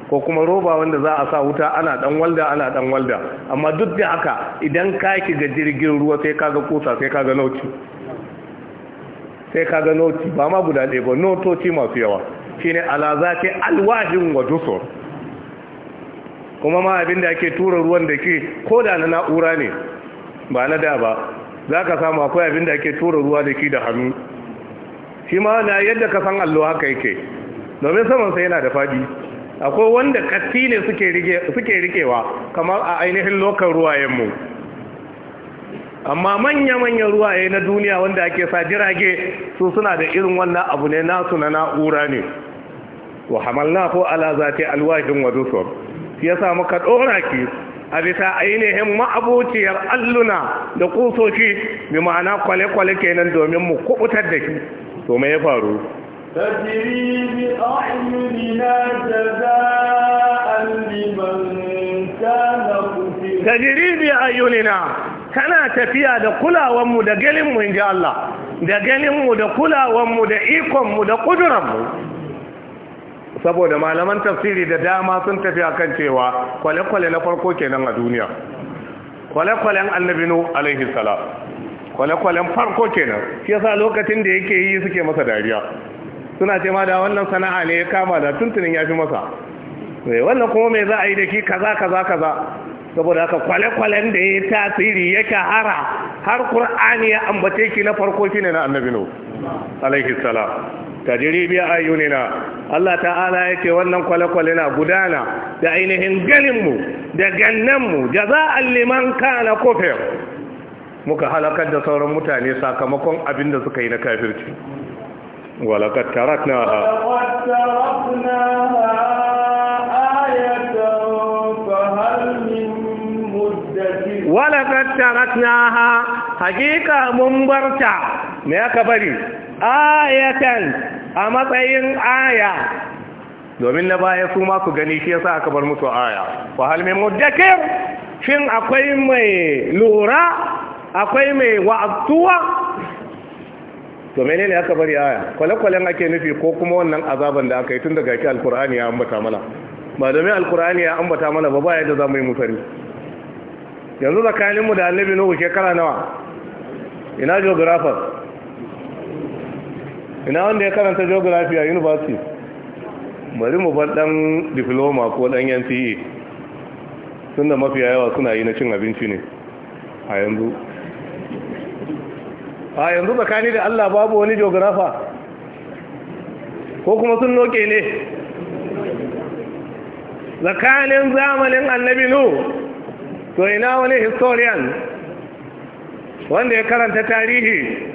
ko kuma roba wanda za a sa wuta ana dan walda ana dan walda amma duk da haka idan ka ki ga jirgin ruwa sai kaga kusa sai kaga noti sai ga noti ba ma guda ɗaya ba notoci masu yawa shine alazati alwahin wa dusur kuma ma abin da ake tura ruwan da ke ko da na na'ura ne ba na da ba za ka samu akwai abin da ake tura ruwa da ke da hannu shi ma na yadda ka san allo haka yake domin saman sai yana da fadi akwai wanda katti ne suke rikewa kamar a ainihin lokan ruwayenmu amma manya-manyan ruwaye na duniya wanda ake sa jirage su suna da irin wannan abu ne nasu na na'ura ne wa hamalna ko ala zati alwahin wa dusur ya sa muka ɗora ki a bisa ainihin ma'abuciyar alluna da kusoci bi ma'ana kwale-kwale kenan domin mu kubutar da shi to mai ya faru tafiya da kulawanmu da galinmu in ji Allah da ganinmu da kulawanmu da ikonmu da ƙudurarmu saboda malaman tafsiri da dama sun tafi akan cewa kwale-kwale na farko kenan a duniya kwale-kwalen annabinu alaihi salam kwale-kwalen farko kenan shi yasa lokacin da yake yi suke masa dariya suna ce ma da wannan sana'a ne ya kama da tuntunin ya fi masa eh, wannan kuma mai za a yi da shi kaza kaza kaza saboda haka kwale-kwalen da ya tasiri ya shahara har Kur'ani ya ambace shi na farko shi ne na annabinu alaihi salam tajiribi na. Allah ta'ala ya wannan kwale-kwale na gudana da ainihin ganinmu da gannanmu a liman kana kofir muka halakar da sauran mutane sakamakon abin da suka yi na kafirci walakad tarakna walakad tarakna hakika mun barta me aka bari ayatan a matsayin aya domin na baya su ma ku gani shi yasa aka bar musu aya wa hal mai mudakir shin akwai mai lura akwai mai wa'azuwa to menene aka bari aya kwale-kwalen ake nufi ko kuma wannan azaban da aka yi tun daga shi alkur'ani ya ambata mana ba domin alkur'ani ya ambata mana ba baya da za mu yi musari yanzu tsakaninmu da annabi nuhu shekara nawa ina geographer ina wanda ya karanta geography a university bari mu bar dan diploma ko dan NCE tunda mafiya yawa suna yi na cin abinci ne a yanzu a yanzu tsakani da Allah babu wani geographer ko kuma sun noke ne tsakanin zamanin annabi nu to ina wani historian wanda ya karanta tarihi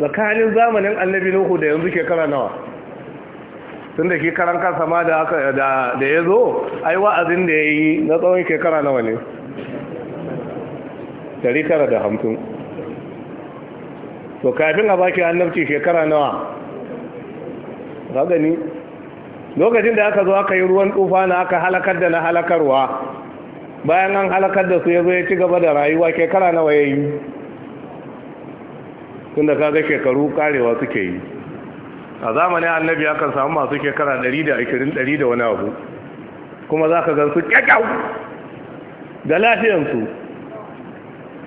tsakanin zamanin annabi nuhu da yanzu ke kara nawa tun da ke karan kansa ma da ya zo ai wa'azin da ya yi na tsawon ke kara nawa ne Dari tara da to kafin a baki annabci shekara nawa ragani lokacin da aka zo aka yi ruwan tufa na aka halakar da na halakarwa bayan an halakar da su ya zo ya ci gaba da rayuwa shekara nawa ya yi tunda kaga shekaru karewa suke yi a zamanin annabi aka samu masu shekara 120 100 da wani abu kuma za ka gansu kyakkyau da lafiyansu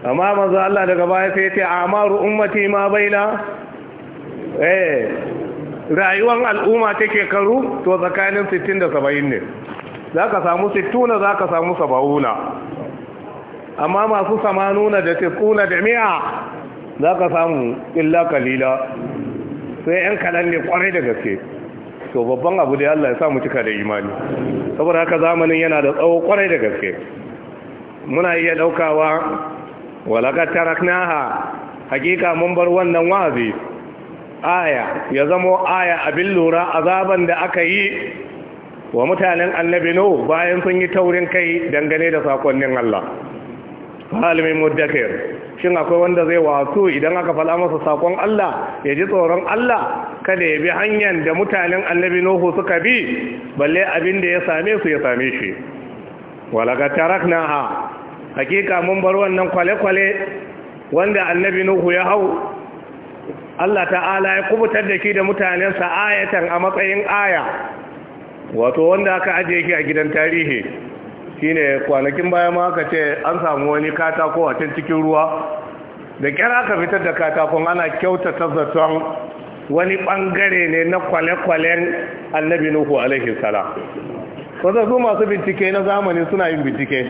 amma maza Allah daga baya sai ce maru ummati ma baina eh rayuwar al'umma ta shekaru to tsakanin 60 da 70 ne za ka samu 60 za ka samu 70 amma masu nuna da tekuna da mi'a za ka samu illa kalila sai yan kaɗan ne kwarai da gaske to babban abu da Allah ya samu cika da imani saboda haka zamanin yana da tsawo kwarai da gaske muna iya ɗaukawa walaka taraknaha hakika mun bar wannan wazi aya ya zamo aya abin lura azaban da aka yi wa mutanen annabi no bayan sun yi taurin kai dangane da sakonnin Allah halimin muddakir shin akwai wanda zai wasu idan aka fada masa sakon Allah ya ji tsoron Allah kada ya bi hanyar da mutanen annabi Nuhu suka bi balle abin da ya same su ya same shi walaga taraknaha hakika mun bar wannan kwale-kwale wanda annabi Nuhu ya hau Allah ta'ala ya kubutar da shi da mutanen sa ayatan a matsayin aya wato wanda aka ajiye shi a gidan tarihi shine kwanakin baya ma aka ce an samu wani katako a can cikin ruwa da kyara ka fitar da katakon ana kyautata zaton wani bangare ne na kwale-kwalen annabi nuhu alaihi salam wasu su masu bincike na zamani suna yin bincike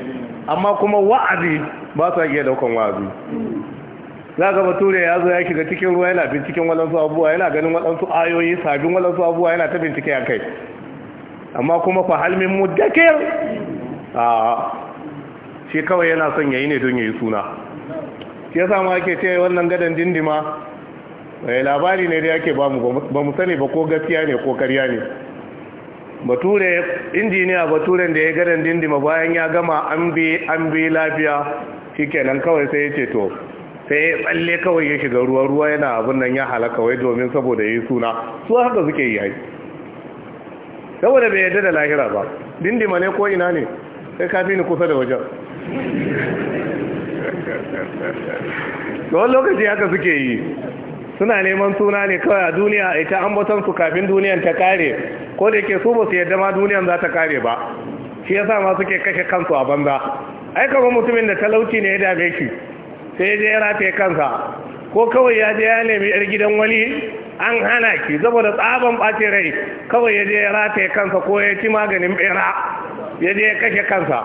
amma kuma wa'azi ba su iya daukan wa'azi za gaba bature ya zo ya shiga cikin ruwa yana binciken waɗansu abubuwa yana ganin waɗansu ayoyi sabbin waɗansu abubuwa yana ta bincike a kai amma kuma fa halmin muddakir a shi kawai yana son yayi ne don yayi suna shi yasa ma ake ce wannan gadan dindima Mai eh, labari ne da yake ba mu ba mu sani ba ko gaskiya ne ko karya ne bature injiniya baturen da ya gadan dindima bayan ya gama an bi an bi lafiya shikenan kawai sai ya ce to sai ya tsalle kawai ya shiga ruwa ruwa yana abin nan ya halaka wai domin saboda yi suna su haka suke yi saboda bai yadda da lahira ba dindima ne ko ina ne ka fi ni kusa da wajen wani lokaci haka suke yi suna neman suna ne kawai a duniya ita an ambaton su kafin duniyan ta kare ko da yake su ba su yadda ma duniyan za ta kare ba shi yasa ma suke kashe kansu a banza ai kamar mutumin da talauci ne ya dame shi sai ya je ya rataye kansa ko kawai ya je ya nemi yar gidan wani an hana ki saboda tsaban ɓacin rai kawai ya je ya rataye kansa ko ya ci maganin bera ya je ya kashe kansa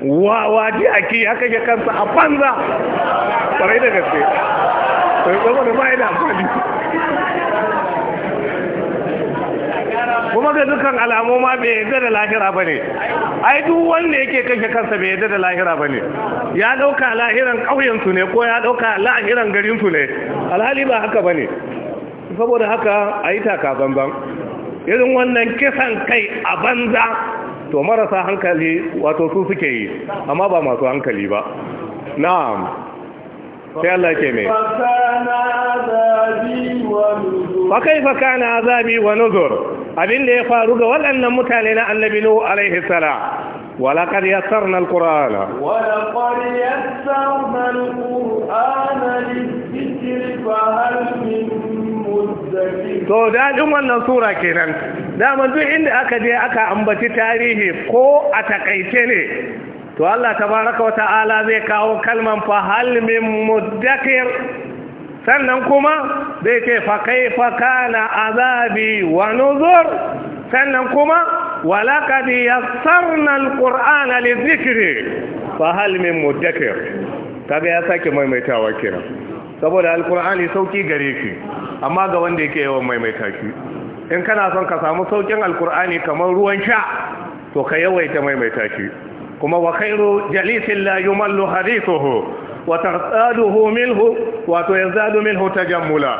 wa ji a ki ya kashe kansa a banza kwarai da gaske sai da ba da amfani kuma ga dukkan alamu ma bai yadda da lahira ba ne ai duk wanda yake kashe kansa bai yadda da lahira ba ne ya ɗauka lahiran ƙauyensu ne ko ya ɗauka lahiran garinsu ne alhali ba haka ba ne saboda haka a yi taka banban irin wannan kisan kai a banza to marasa hankali wato su suke yi amma ba masu hankali ba na'am sai Allah ke mai fakai fakana azabi wa nuzur abin da ya faru ga waɗannan mutane na annabi nuhu alaihi salam ولقد يسرنا القرآن ولقد يسرنا القرآن للذكر فهل من to daɗin wannan sura kenan daman duk inda aka je aka ambaci tarihi ko a takaice ne to Allah tabaraka wa ta'ala zai kawo kalman fa hal min muddakir sannan kuma zai ce fa kaifa kana azabi wa nuzur sannan kuma walaqad yassarna alqur'ana lidhikri fa hal min muddakir kaga ya sake maimaitawa kenan saboda alkur'ani sauki gare shi amma ga wanda yake yawan maimaita shi in kana son ka samu saukin alkur'ani kamar ruwan sha to ka yawaita maimaita shi kuma wa khairu jalisin la yumallu hadithuhu wa tarsaduhu minhu wa yazadu minhu tajammula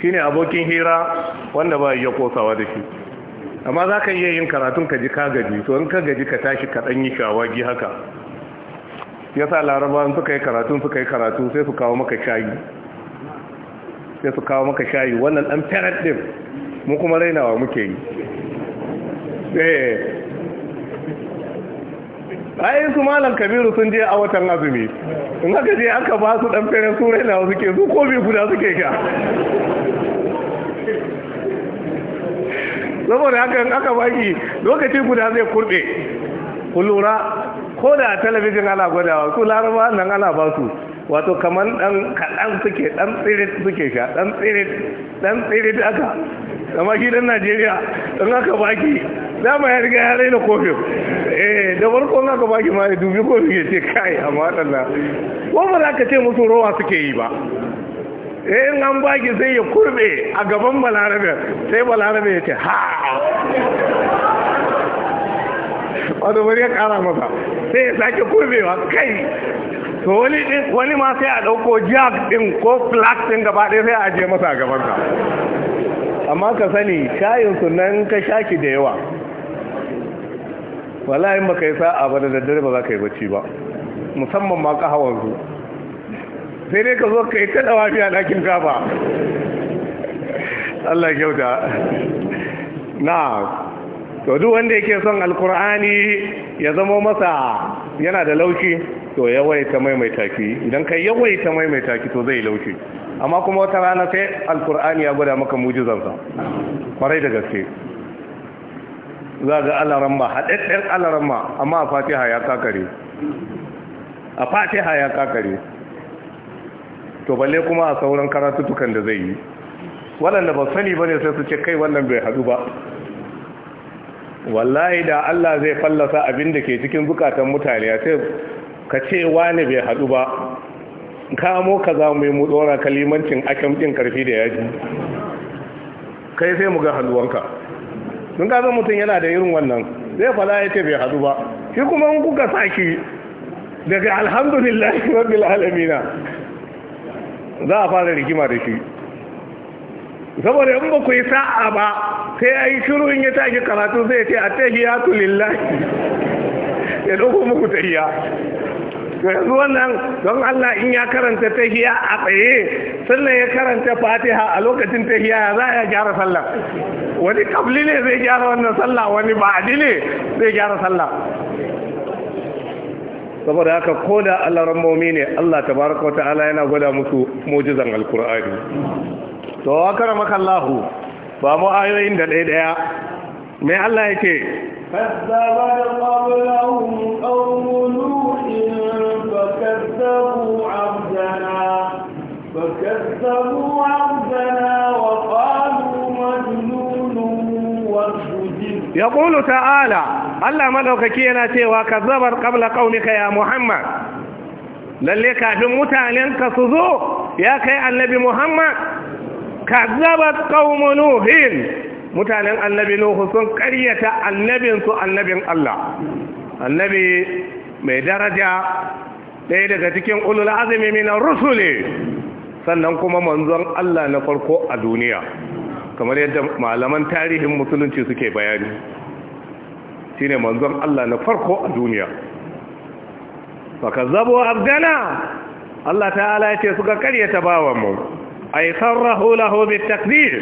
shine abokin hira wanda ba ya kosawa da shi amma zaka iya yin karatun ka ji ka gaji to in ka gaji ka tashi ka dan yi shawagi haka ya sa laraba suka yi karatu suka yi karatu sai su kawo maka shayi sai su kawo maka shayi wannan ɗan parrot ɗin mu kuma rainawa muke yi eh. ai su malam kabiru sun je a watan azumi in haka je aka ba su dan fere su rainawa suke su ko bi guda suke ka saboda haka in aka baki lokaci guda zai kurbe ku lura ko da talabijin ana gwadawa su laraba nan ana ba su wato kamar dan kaɗan suke dan tsirit suke sha dan tsirit dan tsirit aka amma gidan najeriya in aka baki dama ya riga ya raina kofin eh da farko in aka baki ma ya dubi kofin ya ce kai amma waɗannan ko ba za ka ce musu rowa suke yi ba eh in an baki sai ya kurbe a gaban balarabe sai balarabe ya ce ha wato wani ya kara masa sai ya sake kurbewa kai to wani ma sai a ɗauko jack ɗin ko flak ɗin gaba ɗaya sai a ajiye masa a gaban ka amma ka sani shayin sunan ka shaki da yawa wallahi baka yi sa'a ba da daddare ba za ka yi bacci ba musamman ma kahawar su sai dai ka zo ka yi ta dawa biya ɗakin kafa Allah kyauta na to duk wanda yake son alkur'ani ya zama masa yana da lauki. to yawaita maimaita ki idan ka yawaita maimaita ki to zai lauki. amma kuma wata rana sai alkur'ani ya gwada maka mujizansa kwarai da gaske za ga alaramma haɗaɗɗen ramma amma a fatiha ya kakare a fatiha ya kakare to balle kuma a sauran karatuttukan da zai yi waɗanda ba sani ba ne sai su ce kai wannan bai haɗu ba wallahi da Allah zai fallasa abin da ke cikin zukatan mutane a ce ka ce wani bai haɗu ba kamo ka za mu yi mu ɗora kalimancin akan ɗin ƙarfi da yaji kai sai mu ga haɗuwanka sun kaga mutum yana da irin wannan zai fala ya ce bai haɗu ba shi kuma in kuka saki daga alhamdulillah rabbil alamina za a fara rigima da shi saboda in ba ku yi sa'a ba sai ya yi shiru in ya tashi karatu zai ce a tahiyatu lillahi ya ɗauko muku tahiya yanzu wannan don Allah in ya karanta tahiya a tsaye sannan ya karanta fatiha a lokacin tahiya za a gyara sallah wani kabli ne zai gyara wannan sallah wani ba'adi ne zai gyara sallah saboda haka ko da Allah rammomi ne Allah tabaraka wata ta'ala yana gwada musu mu'jizan alkur'ani to akramaka Allahu ba mu ayoyin da ɗaya ɗaya mai Allah yake فَكَذَّبَتْ قَبْلَهُمْ قَوْمُ نُوحٍ فَكَذَّبُوا عَبْدَنَا yana cewa kazzabar ƙabla qaumika ya Muhammad lalle kafin mutanenka su zo ya kai annabi Muhammad kazabat qaum nuhin mutanen annabi nuhu sun karyata annabin su annabin Allah annabi mai daraja ɗaya daga cikin ulul azumi min rusuli sannan kuma manzon Allah na farko a duniya kamar yadda malaman tarihin musulunci suke bayani shine manzon Allah na farko a duniya kazabu abdana Allah ta'ala ya ce suka karyata bawanmu ay sarrahu lahu bitakbir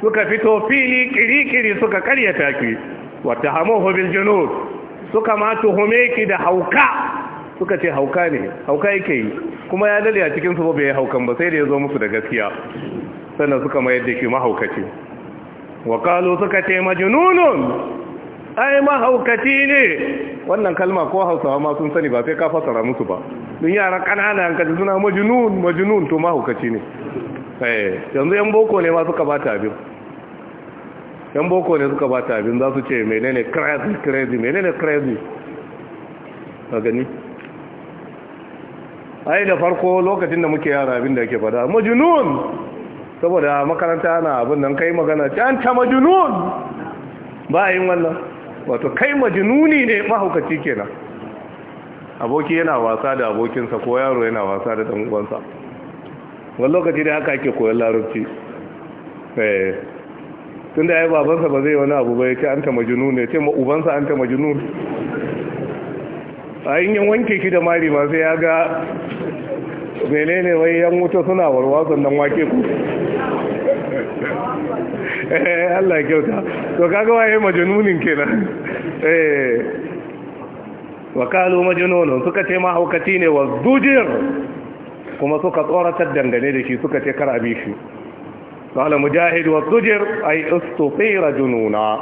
suka fito fili kirikiri suka karyata taki wa tahamuhu bil junud suka ma tuhume ki da hauka suka ce hauka ne hauka yake yi kuma ya dade a cikin su bai haukan ba sai da ya zo musu da gaskiya sannan suka mayar da ki mahaukaci wa qalu suka ce majnunun ai mahaukaci ne wannan kalma ko hausawa ma sun sani ba sai ka fasara musu ba dun yara kanana an kaji suna majnun majnun to mahaukaci ne Eh, yanzu yan boko ne ma suka bata abin yan boko ne suka bata abin za su ce menene crazy crazy menene crazy a gani ai da farko lokacin da muke yara abin da ake fada majunun saboda makaranta na abin nan kai magana can ta majunun ba yin wannan wato kai majununi ne mahaukaci kenan aboki yana wasa da abokinsa ko yaro yana wasa da dan wani lokaci da haka ake koyon larabci eh, tun da ya yi babansa ba zai wani abu ba ya ce an ta majinu ne ce ma ubansa an ta majinu a yin yan wanke ki da mari ma sai ya ga menene wai yan wuta suna warwa sannan wake ku eh Allah ya kyauta to kaga waye majnunin kenan eh wa kalu majnunun suka ce ma haukati ne wa zujir kuma suka tsoratar dangane da shi suka ce kar a bi shi qala mujahid wa zujir ay istutira jununa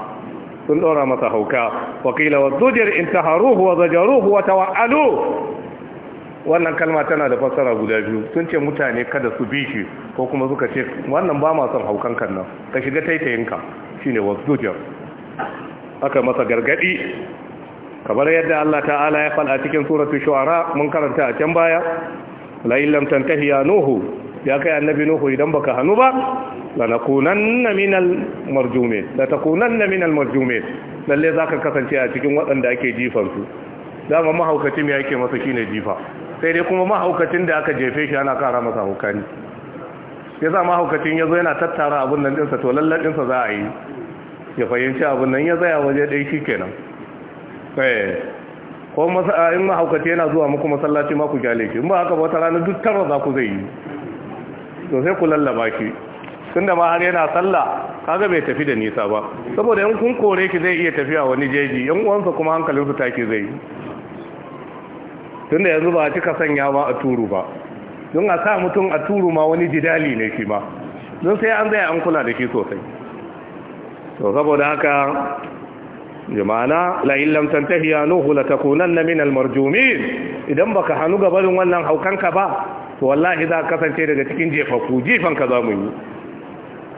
sun dora masa hauka wa qila wa zujir intaharuhu wa zajaruhu wa tawa'alu wannan kalma tana da fassara guda biyu sun ce mutane kada su bi shi ko kuma suka ce wannan ba ma son haukan kan nan ka shiga taitayinka shine wa zujir aka masa gargadi kamar yadda Allah ta'ala ya fada cikin suratu shu'ara mun karanta a can baya la'in lam tantahi ya nuhu ya kai annabi nuhu idan baka hanu ba lanakunanna minal marjumin latakunanna minal marjumin lalle zaka kasance a cikin waɗanda ake jifan su dama mahaukacin me yake masa shine jifa sai dai kuma mahaukacin da aka jefe shi ana kara masa hukani yasa mahaukacin yazo yana tattara abin nan dinsa to lallan dinsa za a yi ya fahimci abin nan ya tsaya waje ɗaya shi kenan eh. ko in mahaukaci yana zuwa muku masallaci ma ku gyale ki in ba haka ba wata rana duk tara za ku zai yi to sai ku lallaba ki tun da ma har yana sallah kaga bai tafi da nisa ba saboda in kun kore ki zai iya tafiya wani jeji yan uwansa kuma su take zai yi tun da yanzu ba a cika sanya ba a turu ba don a sa mutum a turu ma wani jidali ne shi ba don sai an zai an kula da ki sosai to saboda haka jima'ana la'in lamtan ta hiya nuhu la takunan na minal marjumin idan baka hannu gabarin wannan haukanka ba to wallahi za ka kasance daga cikin jefaku jefanka za mu yi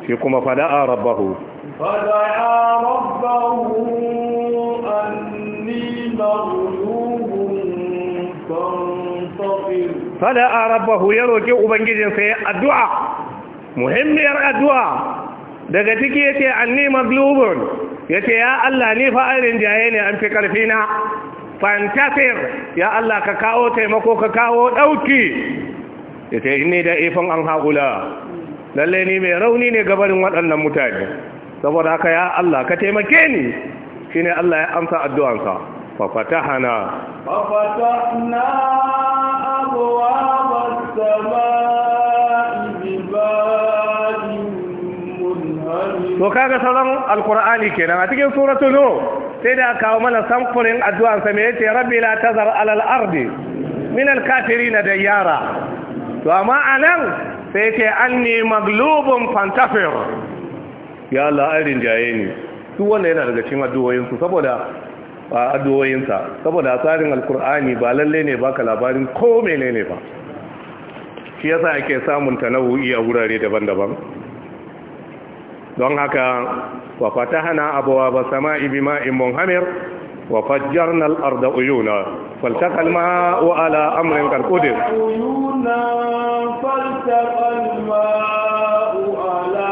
shi kuma fada'a rabbahu fada'a rabbahu anni maghlubun ya roki ubangijinsa ya addu'a muhimmiyar addu'a daga ciki yace anni maglubun yace ya Allah ni fa arin jaye ne an fi karfi na fantasir ya Allah ka kawo taimako ka kawo dauki yace inni da ifan an haula lalle ni mai rauni ne gabarin waɗannan mutane saboda haka ya Allah ka taimake ni shine Allah ya amsa addu'ansa fa fatahana fa fatahna abwaaba as-samaa to kaga sauran alkur'ani kenan a cikin suratu nur sai da kawo mana samfurin addu'an sa me yace rabbi la tazar alal ardi min al kafirin dayyara to amma anan sai yace anni maglubun fantafir ya Allah ai rinjaye ni wanda yana daga cikin addu'o'in su saboda addu'o'in sa saboda tsarin alkur'ani ba lalle ne baka labarin ko menene ba shi yasa ake samun tanawu'i a wurare daban-daban don haka wa fatahna abwaaba samaa'i bima'in munhamir wa fajjarna al-arda uyuna faltaqa al-ma'u ala amrin qad qadir uyuna faltaqa al-ma'u ala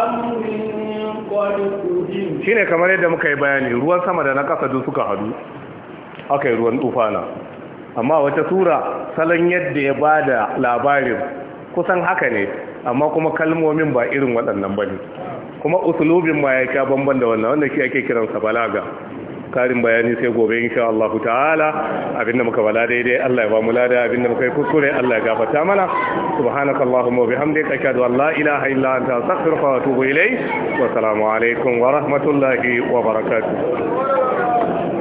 amrin qad qadir shine kamar yadda muka yi bayani ruwan sama da na kasa duk suka hadu akai ruwan tufana amma wata sura salon yadda ya bada labarin kusan haka ne amma kuma kalmomin ba irin waɗannan ba ne kuma usulubin ba ya sha bamban da wannan wanda shi ake kiransa balaga karin bayani sai gobe insha Allah ta'ala abinda muka bala daidai Allah ya ba mu lada abinda muka yi kuskure Allah ya gafarta mana subhanakallahumma wa bihamdika ashhadu an la ilaha illa anta astaghfiruka wa atubu ilayk wa assalamu alaikum wa rahmatullahi wa barakatuh